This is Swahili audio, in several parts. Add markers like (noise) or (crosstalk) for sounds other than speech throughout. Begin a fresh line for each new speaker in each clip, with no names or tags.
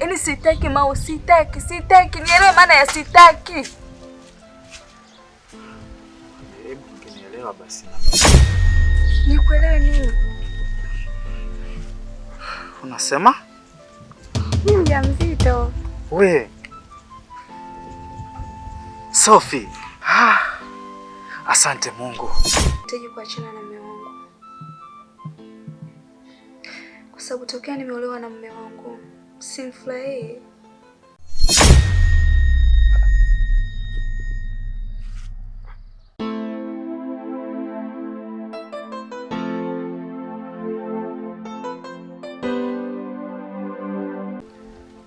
Yaani sitaki Mau, sitaki, sitaki. Nielewe maana ya sitaki.
Hebu ngenielewa basi.
Nikuelewe nini? Unasema? Ni mjamzito.
We. Sophie. Ah. Asante Mungu.
Nitaji kuachana na mume wangu. Kwa sababu tokea nimeolewa na mume wangu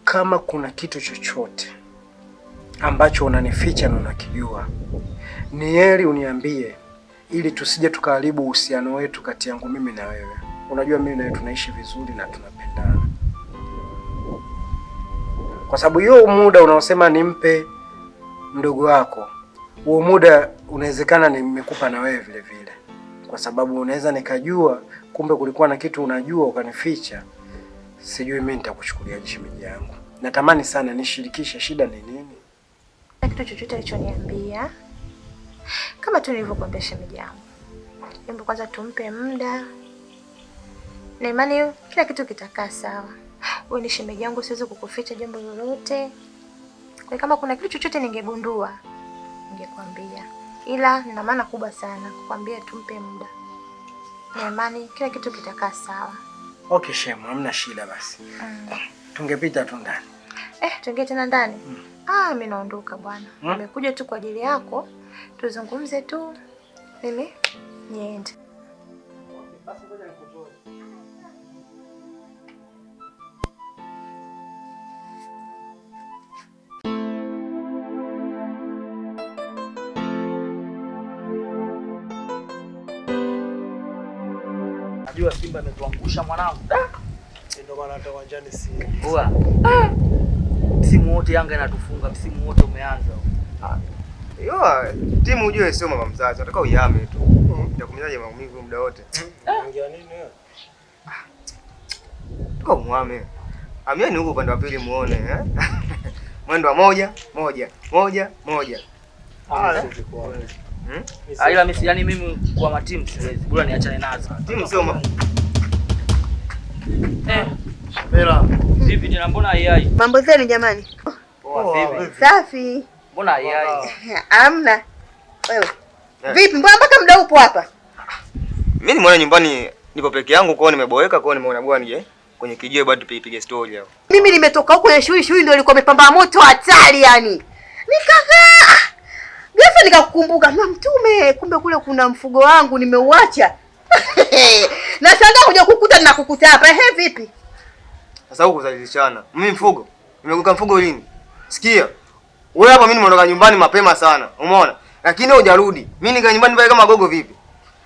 kama kuna kitu chochote ambacho unanificha na unakijua, ni heri uniambie, ili tusije tukaharibu uhusiano wetu kati yangu mimi na wewe. Unajua mimi na wewe tunaishi vizuri na tunapendana kwa sababu hiyo muda unaosema nimpe mdogo wako, huo muda unawezekana nimekupa na wewe vile vile, kwa sababu unaweza nikajua kumbe kulikuwa na kitu unajua ukanificha. Sijui mimi nitakuchukulia shemeji yangu. Natamani sana nishirikishe, shida ni nini?
Kitu chochote alichoniambia kama tu nilivyokuambia shemeji yangu, hebu kwanza tumpe muda na imani, kila kitu kitakaa sawa. Wewe ni shemeji yangu, siwezi kukuficha jambo lolote. Kwa kama kuna kitu chochote ningegundua ningekwambia, ila nina maana kubwa sana kukwambia, tumpe muda na imani, kila kitu kitakaa sawa.
Okay shemu, hamna shida basi. Mm. Tungepita tu ndani
eh, tuingie tena ndani. Mm. Ah, mimi naondoka bwana. Mm. tu kwa ajili yako tuzungumze tu, mimi niende.
najua Simba ametuangusha mwanangu. Ah!
Ndio maana hata uwanjani si.
Bora. Ah! Msimu wote Yanga inatufunga, msimu wote umeanza. Ah!
Yo, timu ujue sio mama mzazi, nataka uyame tu. Mm. Nitakumizaje maumivu muda wote?
Ongea nini wewe?
Tuko muame. Amieni huko upande wa pili muone eh. (laughs) Mwendo wa moja, moja, moja, moja. Ah,
kwa. Hmm? Ila mimi yani mimi kwa matimu siwezi. Bora niachane nazo. Timu sio ma. Eh. Bela. Vipi tena mbona hai?
Mambo zenu jamani? Poa oh, vipi? Safi. Mbona hai? (laughs) Amna. Wewe. Eh. Vipi mbona mpaka muda upo hapa?
Mimi ni mwana nyumbani niko peke yangu kwao nimeboeka kwao nimeona bwana nje kwenye kijiwe bado tupige story hapo.
Mimi nimetoka huko kwenye shughuli shughuli ndio ilikuwa imepamba moto hatari yani. Nikakaa Ghafla nikakukumbuka, mama Mtume, kumbe kule kuna mfugo wangu nimeuacha. (laughs) na shangaa kuja kukuta na kukuta hapa. Ehe, vipi?
Sasa huko zalishana. Mimi mfugo. Nimeguka mfugo lini? Sikia. Wewe hapa mimi nimeondoka nyumbani mapema sana. Umeona? Lakini hujarudi. Mimi nika nyumbani pale kama gogo vipi?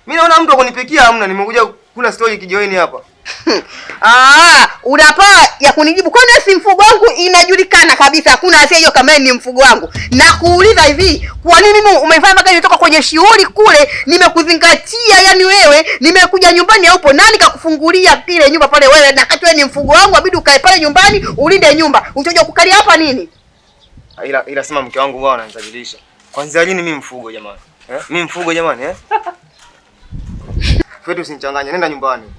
Mimi naona mtu akonipikia hamna, nimekuja kuna story kijoini hapa.
(laughs) Ah, unapaa ya kunijibu kwani si mfugo wangu? Inajulikana kabisa, hakuna asiye hiyo kama ni mfugo wangu. Na kuuliza hivi, kwa nini mimi umefanya mpaka nitoka kwenye shughuli kule, nimekuzingatia yani wewe, nimekuja nyumbani haupo, nani kakufungulia ile nyumba pale wewe? Na kati wewe ni mfugo wangu, abidi ukae pale nyumbani ulinde nyumba, utakuja kukalia hapa nini?
Ila ila sema mke wangu wao ananizajilisha. Kwanza lini mimi mfugo jamani? Eh? Mimi mfugo jamani eh? (laughs) Kwetu usinichanganye, nenda nyumbani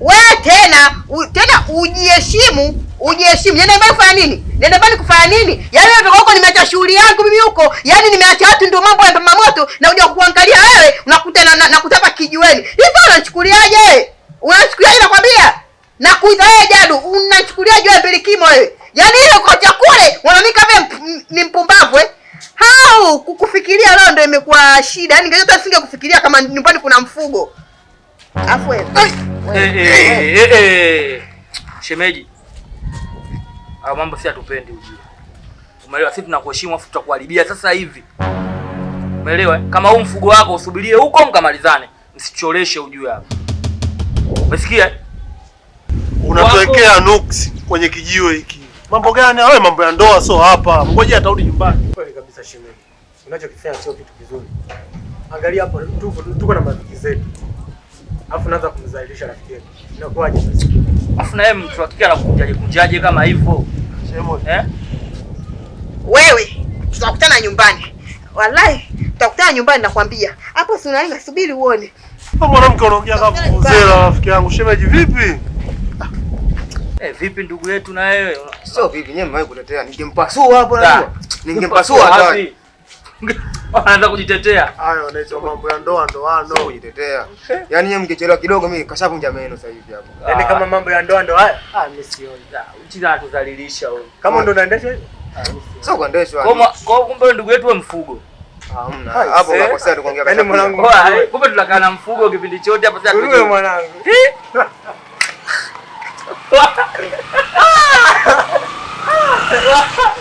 we tena u, tena ujiheshimu, ujiheshimu. Nenda yaani mbali kufanya nini? Nenda mbali kufanya nini? Yaani wewe toka huko, nimeacha shughuli yangu mimi huko, yaani nimeacha watu, ndio mambo ya mama moto, na unakuja kuangalia wewe, unakuta na, na, na kutapa kijiweni hivi. Unachukuliaje? Unachukuliaje? Nakwambia na kuita wewe Jadu, unachukuliaje wewe mbilikimo wewe? Yaani ile kocha kule wananika wewe ni mpumbavu eh? Hao kukufikiria leo ndio imekuwa shida. Yaani ningejua hata singekufikiria kama nyumbani kuna mfugo. Afu wewe. Eh,
eh, eh, shemeji.
Au mambo si atupendi ujue. Umeelewa? Sisi tunakuheshimu afu tutakuharibia sasa hivi. Umeelewa? Kama huu mfugo wako usubirie huko mkamalizane. Msicholeshe ujue hapa. Umesikia?
Unatwekea nuksi kwenye kijiwe hiki. Mambo gani hayo? Mambo ya ndoa sio hapa. Mngoje atarudi nyumbani.
Kweli kabisa shemeji. Unachokifanya sio kitu kizuri. Angalia hapa tuko tuko na marafiki zetu afu naanza kumzalisha rafiki yetu. Inakuwaje sasa?
Afu na yeye mtu hakika anakujaje kujaje kama hivyo?
Sema eh?
Wewe tutakutana nyumbani. Wallahi tutakutana nyumbani nakwambia. Hapo si unaenda, subiri uone.
Mwanamke anaongea kama kuzela rafiki yangu. Shemeji vipi?
Eh, vipi ndugu yetu na wewe?
Sio vipi, nyewe mmewahi kutetea ningempasua hapo na ningempasua hata.
(laughs) Anaanza kujitetea.
Hayo anaitwa mambo ya ndoa ndoano kujitetea. Yaani yeye mkichelewa kidogo mimi kashavunja meno sasa hivi hapo.
Ah. Yaani kama mambo ya ndoa ndoa haya? Ah, mimi sioni. Ah, uchi za kudhalilisha wewe.
Kama ndo unaendesha hivi? Ah, Sio kuendesha.
Kwa kwa kumbe ndugu yetu wa mfugo.
Hamna. Hapo unakosea tu kuongea
Yaani Mwanangu. Kumbe tunakaa na mfugo kipindi chote hapo
sasa. Wewe mwanangu. (laughs)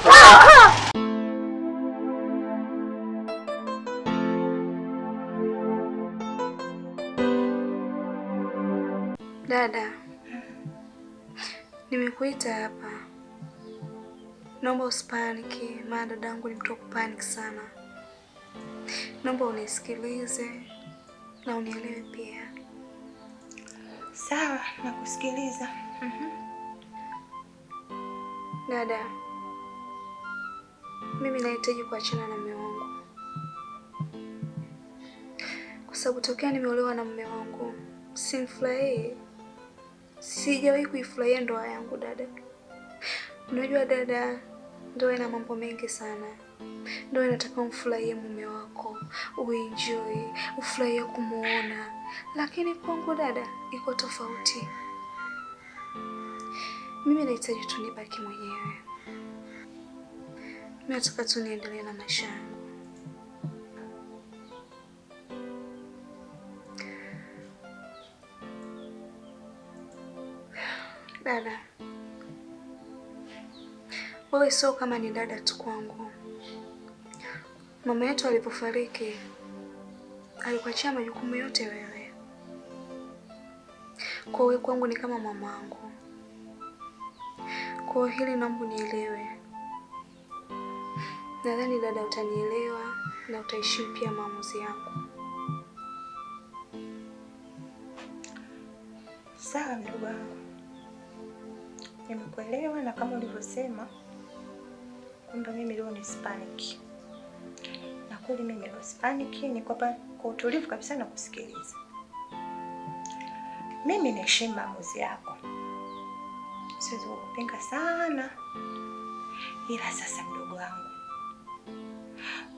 Ah!
Dada, nimekuita hapa, naomba usipaniki, maana dadangu ni mtu kupaniki sana. Naomba unisikilize na unielewe pia.
Sawa, nakusikiliza. mm -hmm.
Dada, mimi nahitaji kuachana na mume wangu kwa sababu tokea nimeolewa na mume wangu simfurahii sijawahi kuifurahia ndoa yangu dada. Unajua dada, ndoa ina mambo mengi sana. Ndoa inataka umfurahie mume wako, uenjoy, ufurahie kumuona, lakini kwangu dada iko tofauti. Mimi nahitaji tu nibaki mwenyewe, mimi nataka tu niendelee na maisha yangu. Dada wewe, sio kama ni dada tu kwangu. Mama yetu alipofariki alikuachia majukumu yote wewe, kwa wewe kwangu ni kama mamangu. Kwa hili naomba unielewe. Nadhani dada, utanielewa na utaheshimu pia maamuzi yangu.
Sawa, mdogo wangu. Nimekuelewa, na kama ulivyosema kwamba mimi leo ni Hispanic, na kweli mimi leo Hispanic ni kwamba kwa utulivu kabisa na kusikiliza. Mimi naheshimu maamuzi yako, siwezi kukupinga sana, ila sasa, mdogo wangu,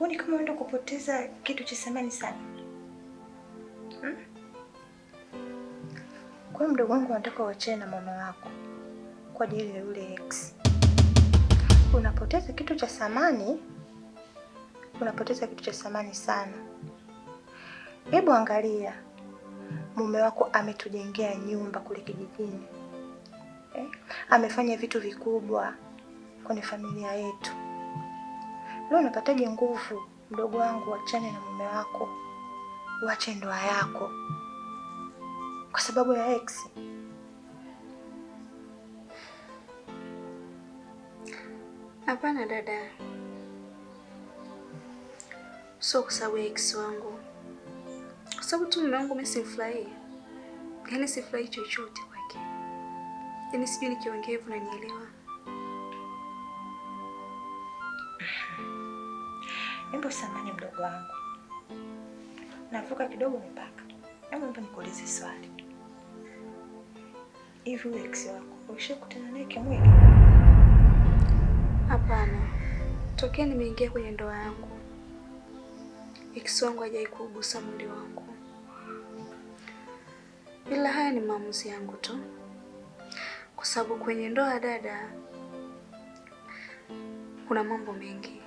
uni yaani kama unaenda kupoteza kitu cha thamani sana hmm? Kwa mdogo wangu, nataka uachane na mama wako kwa ya yule ex. Unapoteza kitu cha thamani, unapoteza kitu cha thamani sana. Hebu angalia, mume wako ametujengea nyumba kule kijijini eh? Amefanya vitu vikubwa kwenye familia yetu. Leo unapataje nguvu? Mdogo wangu, wachane na mume wako, uache ndoa yako kwa sababu ya ex.
Hapana dada, sio kwa sababu ya ex wangu, kwa sababu tu mume wangu mimi simfurahii, yaani sifurahii chochote kwake, yaani sijui nikiongea hivyo nanielewa.
Embo samani mdogo wangu, navuka kidogo mipaka. Hebu naomba nikuulize swali, hivi ex wako ulishakutana naye kimwili?
Hapana, tokea nimeingia kwenye ndoa yangu ikisongwa wangu hajai kuugusa mwili wangu, ila haya ni maamuzi yangu tu, kwa sababu kwenye ndoa dada, kuna mambo mengi.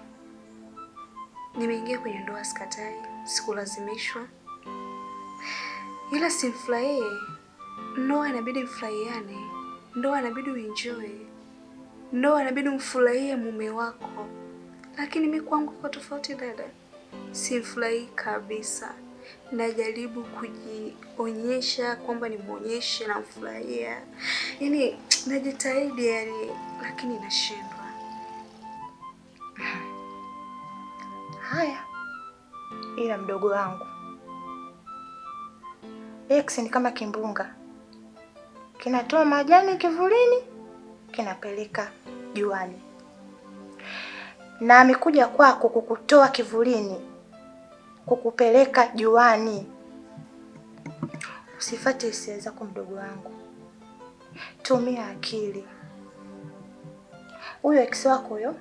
Nimeingia kwenye ndoa, sikatai, sikulazimishwa, ila simfurahie. Ndoa inabidi mfurahiane, ndoa inabidi uenjoy ndoa inabidi umfurahie mume wako, lakini mi kwangu kwa tofauti dada, simfurahii kabisa. Najaribu kujionyesha kwamba nimwonyeshe namfurahia, yani najitahidi yani, lakini nashindwa.
Haya, ila mdogo wangu X ni kama kimbunga kinatoa majani kivulini kinapeleka juani, na amekuja kwako kukutoa kivulini kukupeleka juani. Usifate hisia zako, mdogo wangu, tumia akili. Huyo ex wako huyo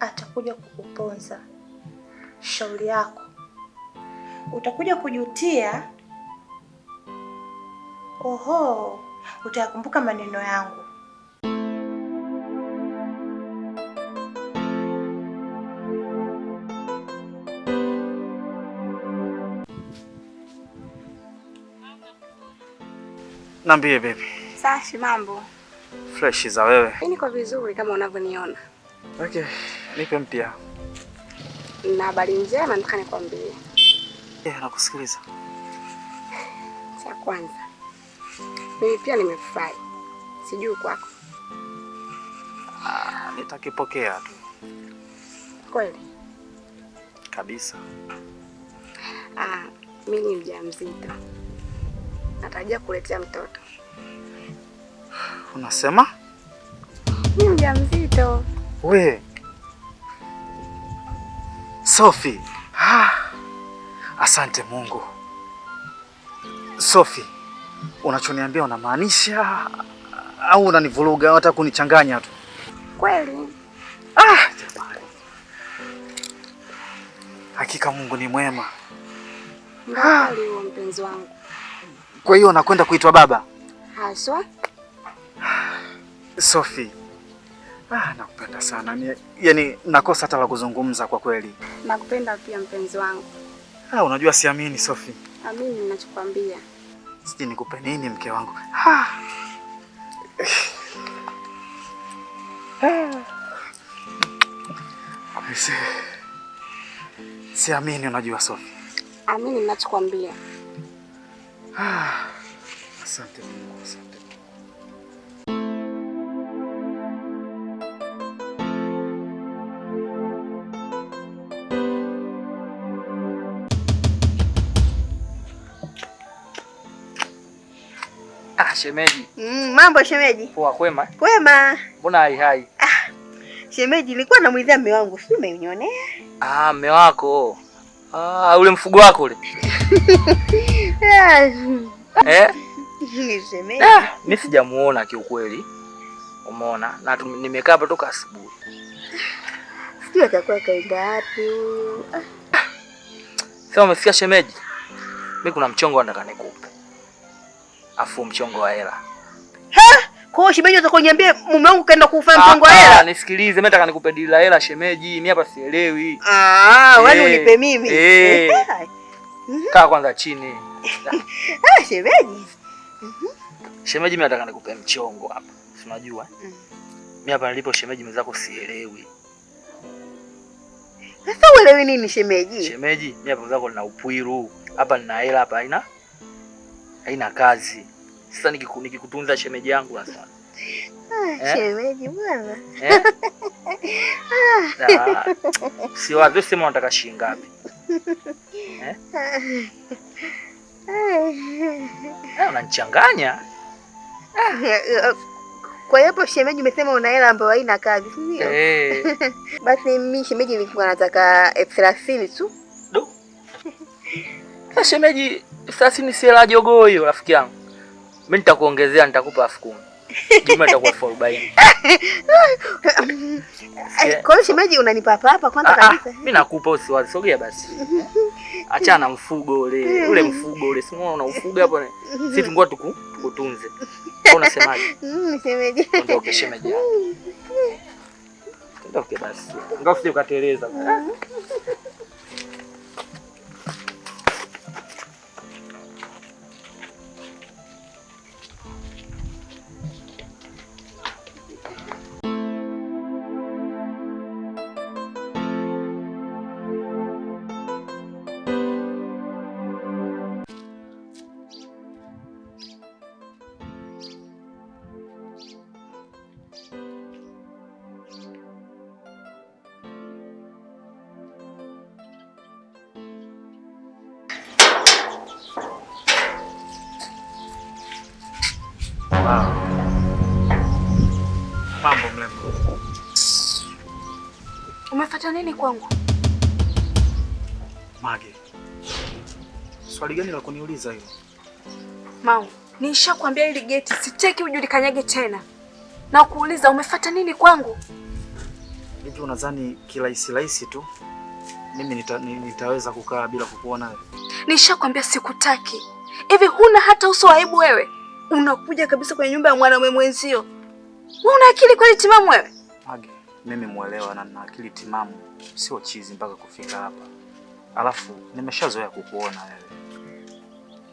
atakuja kukuponza shauri yako, utakuja kujutia. Oho, utayakumbuka maneno yangu.
Nambie baby.
Safi mambo.
Fresh za wewe.
Mimi niko vizuri kama unavyoniona.
Okay, nipe mpya.
Na habari njema nataka nikwambie.
Eh, nakusikiliza.
Cha kwanza. Mimi pia nimefurahi. Sijui kwako.
Ah, nitakipokea tu. Kweli? Kabisa.
Ah, mimi ni mjamzito natarajia kuletea mtoto. Unasema ni mjamzito
we Sophie? Ah, asante Mungu. Sophie, unachoniambia unamaanisha au unanivuruga hata kunichanganya tu? Kweli? Ah, hakika Mungu ni mwema.
Ah. mpenzi wangu.
Kwa hiyo nakwenda kuitwa baba haswa? Sophie, ah, nakupenda sana ni, yani nakosa hata la kuzungumza kwa kweli.
Nakupenda pia mpenzi wangu.
Ah, unajua siamini Sophie.
Amini ninachokwambia.
Sisi nikupe nini mke wangu. Ah. ah. Siamini, unajua Sophie.
Amini ninachokwambia.
Ah, asante Mungu, asante Mungu.
Ah, shemeji.
Mm, mambo shemeji.
Poa kwema?
Kwema.
Mbona hai hai? Ah,
shemeji nilikuwa namwizia mume wangu, sio umenionea?
Ah, mume wako. Ah, ule mfugo wako ule. (laughs) eh? Mimi eh, sijamuona kiukweli, umeona, na nimekaa hapa toka asubuhi,
sijui atakuwa kaenda wapi.
Sasa umesikia shemeji, mimi kuna mchongo nataka nikupe, afu mchongo wa hela.
Kwa hiyo shemeji, atakuwa utakoniambia mume wangu kaenda kufanya mchongo wa ah, hela? Ah,
nisikilize, mimi nataka nikupe dili la hela shemeji, mimi hapa sielewi.
Ah, wewe eh, unipe mimi. Eh. (laughs)
Mhm. Kaa kwanza chini
shemeji.
Shemeji, mimi nataka nikupe mchongo hapa. Si unajua? Mimi hapa nilipo shemeji, mwenzako sielewi.
Sasa uelewi nini shemeji?
Shemeji, mimi hapa mwenzako nina upwiru. Hapa nina hela hapa haina haina kazi. Sasa nikiku, nikikutunza shemeji yangu sasa.
Ah, eh? Shemeji bwana. Eh?
Ah. Siwa, wewe sema unataka shilingi ngapi? Hey, eh, unanichanganya.
(laughs) Kwa hiyo hapo shemeji, umesema una hela ambayo haina kazi, si ndio? Hey. Eh. (laughs) Basi mimi shemeji, nilikuwa nataka elfu thelathini tu.
Do. Ah, shemeji, elfu thelathini si hela jogoo hiyo, rafiki yangu. Mimi nitakuongezea, nitakupa elfu kumi. Jumla itakuwa elfu arobaini.
(laughs) Kwa hiyo shemeji, unanipa hapa hapa kwanza ah, ah, kabisa.
Mimi nakupa, usiwazi, sogea basi. Mhm na mfugo ule (laughs) ule mfugo ule, simu unaona ufuga hapo, sisi tungua tuku tukutunze. Unasemaje? (laughs)
Mm, shemeji,
ondoke shemeji, ondoke basi, ngao sije ukateleza. Mm.
Mambo mlembo,
umefuata nini kwangu?
Mage, swali gani la kuniuliza hilo?
Mau, nishakwambia hili geti sitaki ujulikanyage tena, na kuuliza umefuata nini kwangu?
Hivi unadhani kirahisi rahisi tu mimi nita, nitaweza kukaa bila kukuona?
Nishakwambia sikutaki. Hivi huna hata uso wa aibu wewe? Unakuja kabisa kwenye nyumba ya mwanamume mwenzio Una akili kweli timamu wewe?
Mage, mimi mwelewa na nina akili timamu, sio chizi mpaka kufika hapa. Alafu nimeshazoea kukuona wewe.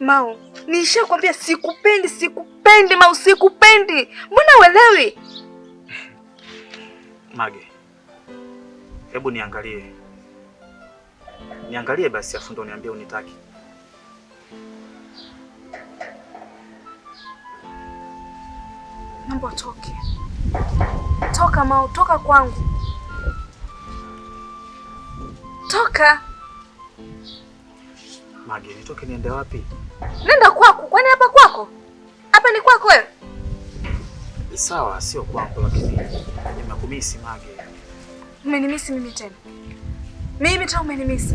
Mau, nishakwambia sikupendi, sikupendi Mau, sikupendi. Mbona uelewi?
(laughs) Mage, hebu niangalie, niangalie basi, afu ndo niambie unitaki.
Naomba utoke. Toka Mau, toka kwangu. Toka.
Mage, nitoke niende wapi?
Nenda kwako. Kwani hapa kwako? Hapa ni kwako wewe?
Sawa, sio kwako lakini nimekumisi Mage.
Umenimisi mimi tena? Mimi tena umenimisi?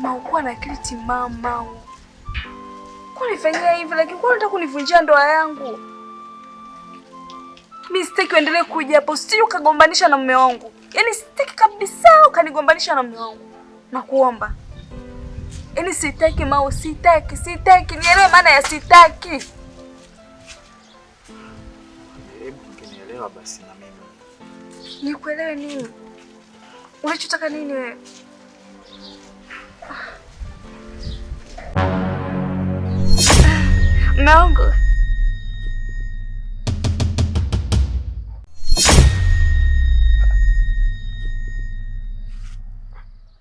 Mau, na akili timamu Mau. Kunifanyia hivi lakini kwa unataka kunivunjia ndoa yangu? mi sitaki uendelee kuja hapo, si ukagombanisha na mume wangu. Yaani sitaki kabisa ukanigombanisha na mume wangu, nakuomba. Yaani sitaki Mau, sitaki, sitaki. Nielewe maana ya sitaki.
Hebu basi na mimi.
Nikuelewe nini? Unachotaka nini wewe? Ah. Ah. Mume wangu